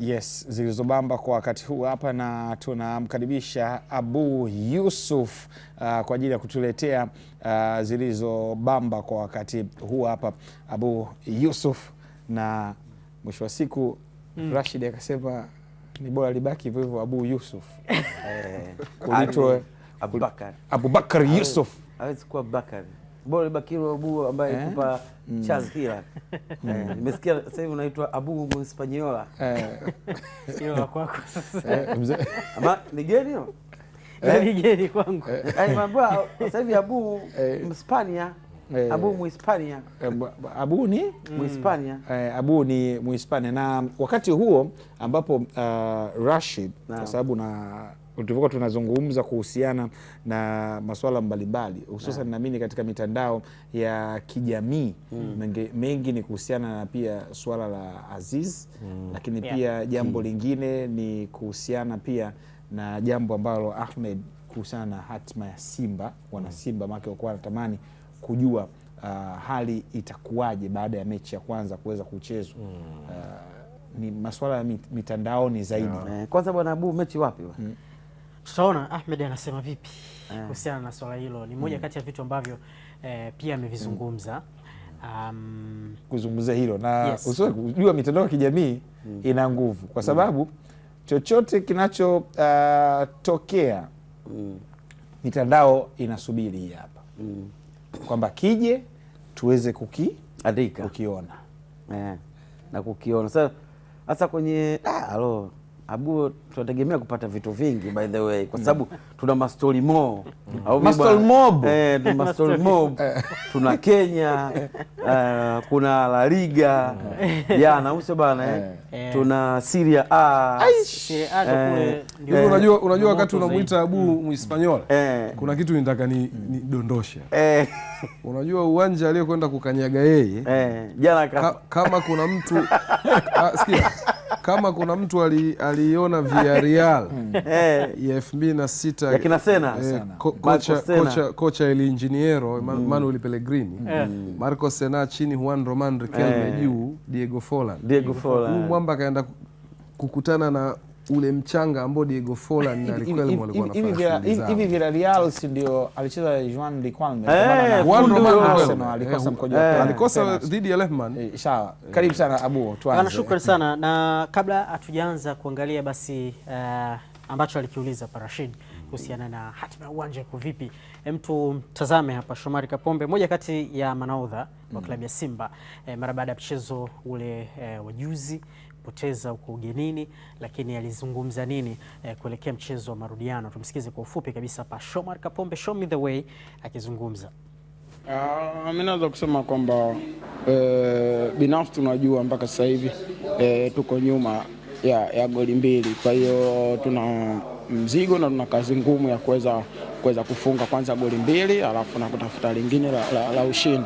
Yes, zilizobamba kwa wakati huu hapa, na tunamkaribisha Abu Yusuf uh, kwa ajili ya kutuletea uh, zilizobamba kwa wakati huu hapa. Abu Yusuf, na mwisho wa siku mm. Rashid akasema ni bora libaki hivyo hivyo Abu Yusuf eh, kuitwa Abubakar Yusuf, hawezi kuwa Bakar. Bole Bakiro Abu ambaye eh, tupa mm, chance pia eh, nimesikia sasa hivi unaitwa Abu Mspanyola eh, hiyo la kwako sasa eh, ama ni geni no eh, ni geni kwangu eh. eh, ai mabwa sasa hivi Abu Mspania eh, Abu Muhispania Abu ni Muhispania mm. eh, Abu ni Muhispania na wakati huo ambapo uh, Rashid kwa sababu na tulivyokuwa tunazungumza kuhusiana na masuala mbalimbali hususan namini katika mitandao ya kijamii mm. mengi, mengi ni kuhusiana na pia suala la Aziz mm. lakini yeah. pia jambo mm. lingine ni kuhusiana pia na jambo ambalo Ahmed kuhusiana na hatima ya Simba wana mm. Simba mm. make wakuwa wanatamani kujua uh, hali itakuwaje baada ya mechi ya kwanza kuweza kuchezwa mm. uh, ni masuala ya mitandaoni zaidi. Eh, kwanza bwana Abu, mechi wapi? mm. Tutaona Ahmed anasema vipi eh. kuhusiana na swala hilo. Ni moja mm. kati ya vitu ambavyo eh, pia amevizungumza um, kuzungumzia hilo na yes. Usiwe kujua mitandao ya kijamii mm. ina nguvu kwa mm. sababu mm. chochote kinachotokea ah, uh, mm. mitandao inasubiri hapa mm. kwamba kije tuweze kukiandika kukiona eh, na kukiona sasa kwenye ah, alo Abu, tunategemea kupata vitu vingi by the way, kwa sababu mm. tuna mastori mo mm. eh, tuna mastori mob tuna Kenya uh, kuna La Liga mm. ya nause bana eh. Eh. eh. tuna Serie A eh, eh, unajua, unajua wakati unamwita Abu Muhispanyola eh, kuna kitu nitaka ni, ni dondosha eh. Unajua uwanja aliyokwenda kukanyaga yeye eh, jana ka, kama kuna mtu ah, sikia kama kuna mtu aliiona Villarreal hmm. eh. ya elfu mbili na sita eh, kocha El hmm. Manuel Pellegrini, hmm. eh. Marco Sena chini, Juan Roman Riquelme juu, Diego Forlan. Huyu mwamba akaenda kukutana na ule mchanga ambao Diego Forlan alikuwa hivi Villarreal, si ndio alicheza Juan de eh, eh, alikosa eh, dhidi ya Lehman. Sawa, karibu sana Abu, tuanze. Anashukuru sana na kabla hatujaanza kuangalia basi uh, ambacho alikiuliza Parashid kuhusiana na hatima ya uwanja iko vipi, mtu mtazame hapa Shomari Kapombe, moja kati ya manaudha wa mm. klabu ya Simba mara baada ya mchezo ule wa juzi alipoteza huko ugenini, lakini alizungumza nini eh, kuelekea mchezo wa marudiano. Tumsikize kwa ufupi kabisa hapa Shomar Kapombe, show me the way, akizungumza. Uh, ah, mi naweza kusema kwamba eh, binafsi tunajua mpaka sasa hivi eh, tuko nyuma ya, ya goli mbili. Kwa hiyo tuna mzigo na tuna kazi ngumu ya kuweza kuweza kufunga kwanza goli mbili alafu na kutafuta lingine la, la, la ushindi.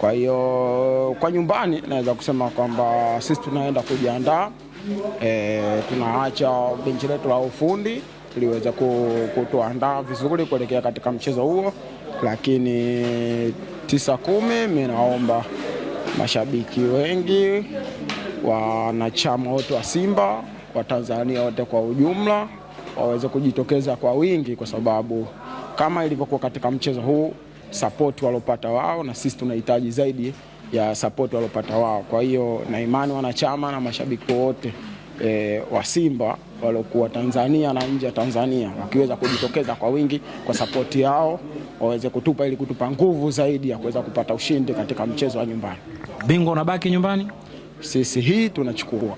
Kwa hiyo kwa nyumbani naweza kusema kwamba sisi tunaenda kujiandaa e, tunaacha benchi letu la ufundi liweze kutuandaa vizuri kuelekea katika mchezo huo, lakini tisa kumi, mimi naomba mashabiki wengi wanachama wote wa Simba, wa tanzania wote kwa ujumla waweze kujitokeza kwa wingi, kwa sababu kama ilivyokuwa katika mchezo huu support walopata wao na sisi tunahitaji zaidi ya support walopata wao. Kwa hiyo na imani wanachama na mashabiki wote e, wa Simba waliokuwa Tanzania na nje ya Tanzania wakiweza kujitokeza kwa wingi kwa sapoti yao waweze kutupa ili kutupa nguvu zaidi ya kuweza kupata ushindi katika mchezo wa nyumbani. Bingwa unabaki nyumbani sisi hii tunachukua,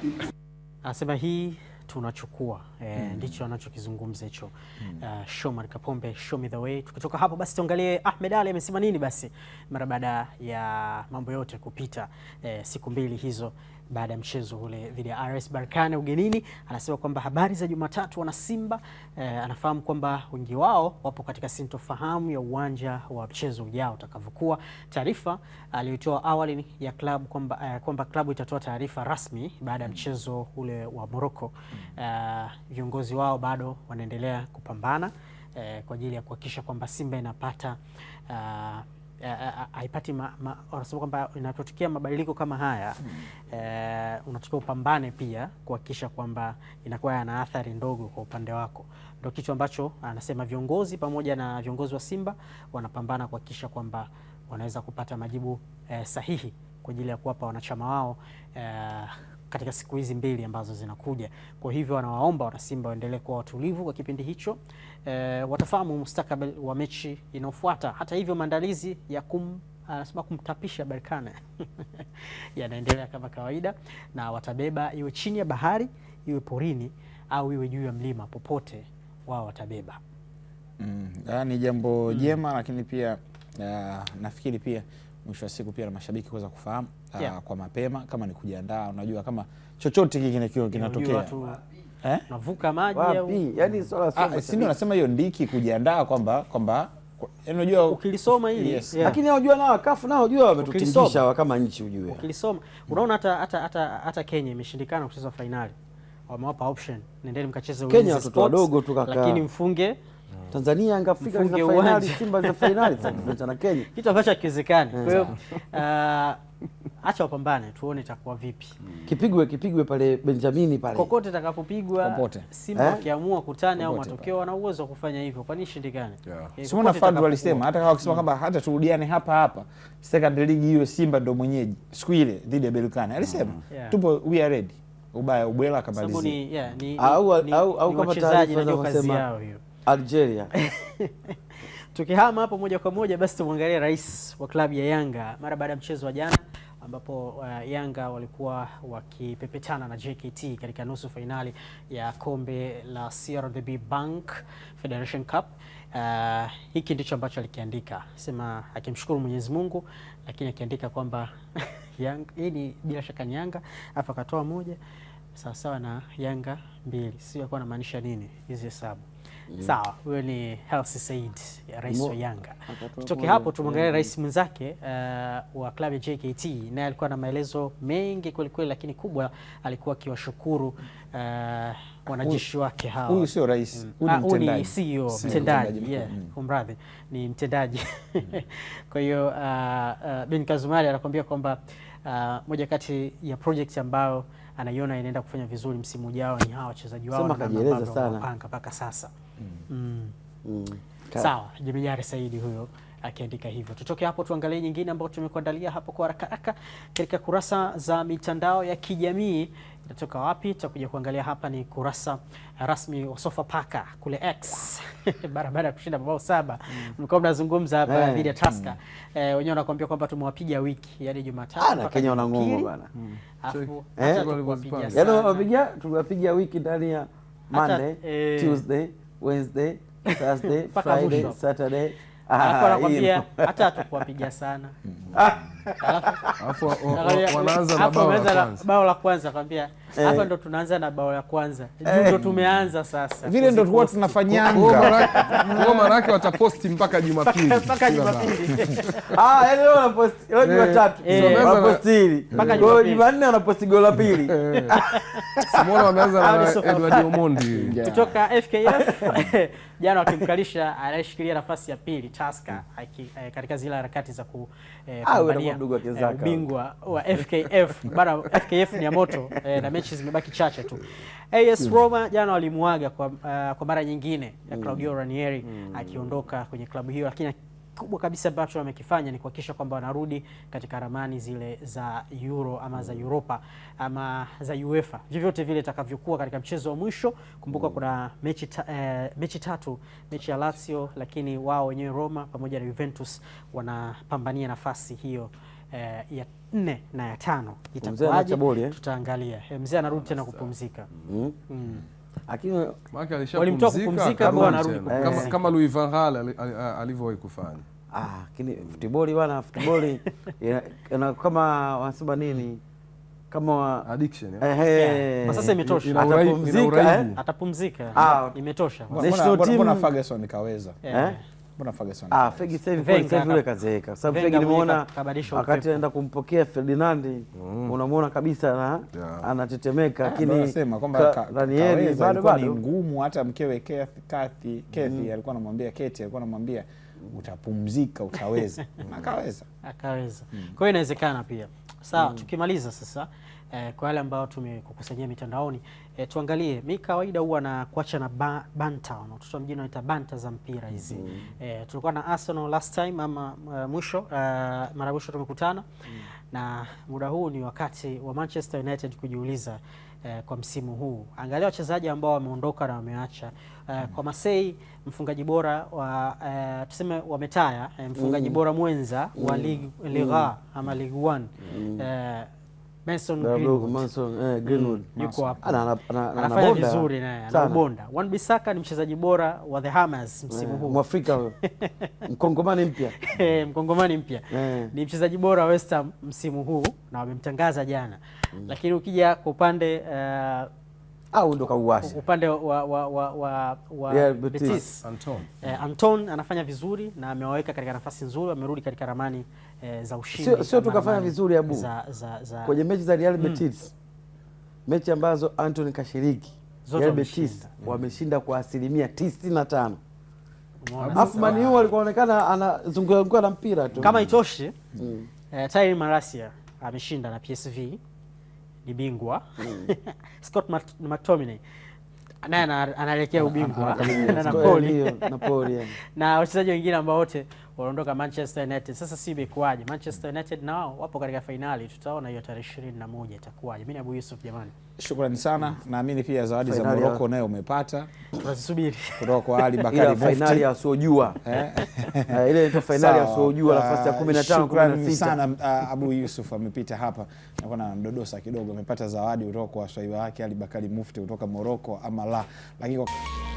asema hii tunachukua e, mm. ndicho anachokizungumza hicho mm. Mm-hmm. uh, eh, Shomari Kapombe, show me the way. Tukitoka hapo basi tuangalie Ahmed Ally amesema nini basi mara baada ya mambo yote kupita, eh, siku mbili hizo baada ya mchezo ule dhidi ya RS Berkane ugenini, anasema kwamba habari za Jumatatu wana Simba eh, anafahamu kwamba wengi wao wapo katika sintofahamu ya uwanja wa mchezo ujao utakavyokuwa. Taarifa aliyotoa awali ya klabu kwamba eh, kwamba klabu itatoa taarifa rasmi baada ya mm-hmm. mchezo ule wa Morocco eh, viongozi wao bado wanaendelea kupambana eh, kwa ajili ya kuhakikisha kwamba Simba inapata uh, haipati wanasema kwamba inapotokea mabadiliko kama haya mm. e, unatakiwa upambane pia kuhakikisha kwamba inakuwa yana athari ndogo kwa upande wako. ndo kitu ambacho anasema ah, viongozi pamoja na viongozi wa Simba wanapambana kuhakikisha kwamba wanaweza kupata majibu e, sahihi kwa ajili ya kuwapa wanachama wao e, katika siku hizi mbili ambazo zinakuja. Kwa hivyo wanawaomba wanasimba waendelee kuwa watulivu kwa kipindi hicho e, watafahamu mustakabali wa mechi inayofuata. Hata hivyo maandalizi ya kum anasema ah, kumtapisha Berkane yanaendelea kama kawaida, na watabeba iwe chini ya bahari iwe porini au iwe juu ya mlima, popote wao watabeba. Mm, ah, ni jambo mm. jema mm, lakini pia uh, nafikiri pia mwisho wa siku pia na mashabiki kuweza kufahamu Ah, yeah. kwa mapema kama ni kujiandaa, unajua kama chochote kingine kio kinatokea eh? navuka maji au yani swala sio, ah, si ndio nasema hiyo ndiki kujiandaa kwamba kwamba yaani unajua ukilisoma hili yes. yeah. Lakini unajua nao kafu nao unajua wametutingisha kama nchi, unajua ukilisoma unaona hata hata hata hata Kenya imeshindikana kucheza finali, wamewapa option, nendeni mkacheze Kenya, watoto wadogo tu kaka, lakini mfunge Tanzania Yanga Afrika za finali, Simba za finali za na Kenya, kitu ambacho hakiwezekani. Kwa hiyo uh, acha wapambane, tuone itakuwa vipi. Kipigwe kipigwe pale Benjamin pale, kokote takapopigwa Simba eh? wakiamua eh, kutane au matokeo, wana uwezo wa kufanya hivyo, kwa kwani ishindikane? Eh, Simona Fadlu alisema hata kama akisema mm. kwamba hata turudiane hapa hapa second league hiyo, Simba ndio mwenyeji siku ile dhidi ya Berkane alisema mm. yeah, tupo we are ready, ubaya ubwela akamalizia, au kama taarifa za kusema Algeria. Tukihama hapo moja kwa moja basi tumwangalie rais wa klabu ya Yanga mara baada ya mchezo wa jana ambapo uh, Yanga walikuwa wakipepetana na JKT katika nusu fainali ya kombe la CRDB Bank Federation Cup. Uh, hiki ndicho ambacho alikiandika, sema akimshukuru Mwenyezi Mungu, lakini akiandika kwamba Yanga hii ni bila shaka ni Yanga, alafu akatoa moja sawasawa na Yanga mbili, sio akuwa anamaanisha nini hizi hesabu mm. Sawa, huyo ni Hersi Said, rais wa Yanga. Tutoke hapo tumwangalie rais mwenzake uh, wa klabu ya JKT, naye alikuwa na maelezo mengi kwelikweli, lakini kubwa alikuwa akiwashukuru uh, wanajeshi wake hawa. Huyu sio rais, mm. huyu ni ah, CEO mtendaji, yeah, kumradhi, mm. ni mtendaji. Mm. Kwa hiyo uh, uh, Ben Kazumari anakuambia kwamba uh, moja kati ya project ambayo anaiona inaenda kufanya vizuri msimu ujao ni hawa wachezaji wao na mpaka sasa mm. Sawa, mm. Jemedari Saidi huyo akiandika hivyo. Tutoke hapo tuangalie nyingine ambayo tumekuandalia hapo kwa haraka haraka katika kurasa za mitandao ya kijamii. Inatoka wapi? Tutakuja kuangalia hapa, ni kurasa rasmi wa Sofapaka kule X barabara ya kushinda mabao saba. Mm. Mlikuwa mnazungumza hapa hey. Eh. dhidi ya Tusker, mm. eh, wenyewe wanakuambia kwamba tumewapiga wiki, yani Jumatatu ah, na Kenya wanangoma bana, alafu eh? yaani tuliwapiga wiki ndani ya Monday, eh, Tuesday Wednesday, Thursday, Friday, Saturday. Ah, hata hatukuwapiga sana hmm. Alafu wanaanza na bao la bao la kwanza kwambia hapa eh. ndo tunaanza na bao la kwanza. Juu eh. ndo tumeanza sasa. Vile ndo tulikuwa tunafanyanga. Kwa maana wataposti mpaka Jumapili. Mpaka Jumapili. Ah, yaani wanaposti leo eh. Jumatatu. Wanaposti hili. Mpaka Jumapili. Jumanne wanaposti goli la pili. Simona wameanza na Edward Omondi. Kutoka FKF jana wakimkalisha anayeshikilia nafasi ya pili Taska katika zile harakati za ku amepambania ah, eh, ubingwa wa FKF bara FKF ni ya moto eh, na mechi zimebaki chache tu. AS eh, hmm. Roma jana walimuaga kwa, uh, kwa mara nyingine ya hmm. Claudio Ranieri mm. akiondoka kwenye klabu hiyo lakini kikubwa kabisa ambacho wamekifanya ni kuhakikisha kwamba wanarudi katika ramani zile za Euro ama za Europa ama za UEFA vyovyote vile itakavyokuwa katika mchezo wa mwisho. Kumbuka kuna mechi, ta, eh, mechi tatu, mechi ya Lazio, lakini wao wenyewe Roma pamoja na Juventus wanapambania nafasi hiyo eh, ya nne na ya tano. Eh? Itakuwaje? Tutaangalia. Eh, mzee anarudi tena kupumzika mm. Mm lakini walimtoa kupumzika, wanarudi eh. kama Louis van Gaal alivyowahi kufanya. Ah, lakini futiboli bwana, futiboli kama wanasema nini, kama addiction. Eh, sasa imetosha, atapumzika, eh? atapumzika, ah. imetosha. Ferguson kaweza eh. Mbona Ferguson? Ah, Ferguson hivi sasa yule kazeeka. Sababu Ferguson nimeona wakati anaenda kumpokea Ferdinand mm. unamwona kabisa na yeah. anatetemeka eh, lakini anasema kwamba Daniel bado bado ngumu hata mkewe Kathy Kathy Kathy mm. alikuwa anamwambia Kate alikuwa anamwambia utapumzika utaweza. Akaweza. Akaweza. Mm. Kwa hiyo inawezekana pia. Sawa, mm. tukimaliza sasa eh, kwa wale ambao tumekukusanyia mitandaoni eh, tuangalie. Mi kawaida huwa na kuacha na ba, banta, watoto wa mjini wanaita banta za mpira hizi mm -hmm. eh, tulikuwa na Arsenal last time ama uh, mwisho uh, mara mwisho tumekutana mm -hmm. na muda huu ni wakati wa Manchester United kujiuliza eh, kwa msimu huu, angalia wachezaji ambao wameondoka na wameacha eh, mm kwa Masei mfungaji bora wa uh, tuseme wametaya mfungaji mm bora mwenza wa mm -hmm. Ligue 1 mhm. ama Ligue 1 mm -hmm. Mason Greenwood. Mason, eh, mm, Greenwood. Mm, yuko hapo. Ana, ana, ana, ana, anafanya vizuri naye, ana bonda. Wan Bissaka ni mchezaji bora wa the Hammers eh, msimu huu. Mwafrika huyo. mkongomani mpya. Eh, mkongomani mpya. Eh. Ni mchezaji bora wa West Ham msimu huu na wamemtangaza jana. Mm. Lakini ukija kwa upande uh, au ndo kauasha upande wa, wa, wa, wa, wa yeah, Betis. Anton. Eh, Anton anafanya vizuri na amewaweka katika nafasi nzuri, amerudi katika ramani eh, za ushindi. Sio tu kafanya vizuri Abu za, za, za... kwenye mechi za Real Betis mm. mechi ambazo Anton kashiriki Real Betis wameshinda kwa asilimia 95 Afu tano alafu alikuonekana anazunguka na mpira tu. Kama itoshi mm. eh, Marasia ameshinda na PSV ni bingwa mm. Scott McTominay naye anaelekea ah, ubingwa ah, ah, na Napoli na wachezaji wengine ambao wote wanaondoka Manchester United. Sasa si imekuwaje? Manchester United nao wapo katika fainali, tutaona hiyo tarehe ishirini na moja itakuwaje. Mimi ni Abu Yusuf jamani, shukrani sana. Mm. Naamini pia zawadi za Morocco nayo umepata, tunasubiri kutoka kwa Ali Bakari Mufti, fainali ya wasiojua eh? eh, ile ndio fainali ya wasiojua uh, nafasi ya 15 16. Sana uh, Abu Yusuf amepita hapa na kuna mdodosa kidogo, amepata zawadi kutoka kwa swahiba wake Ali Bakari Mufti kutoka Morocco ama la, lakini kwa...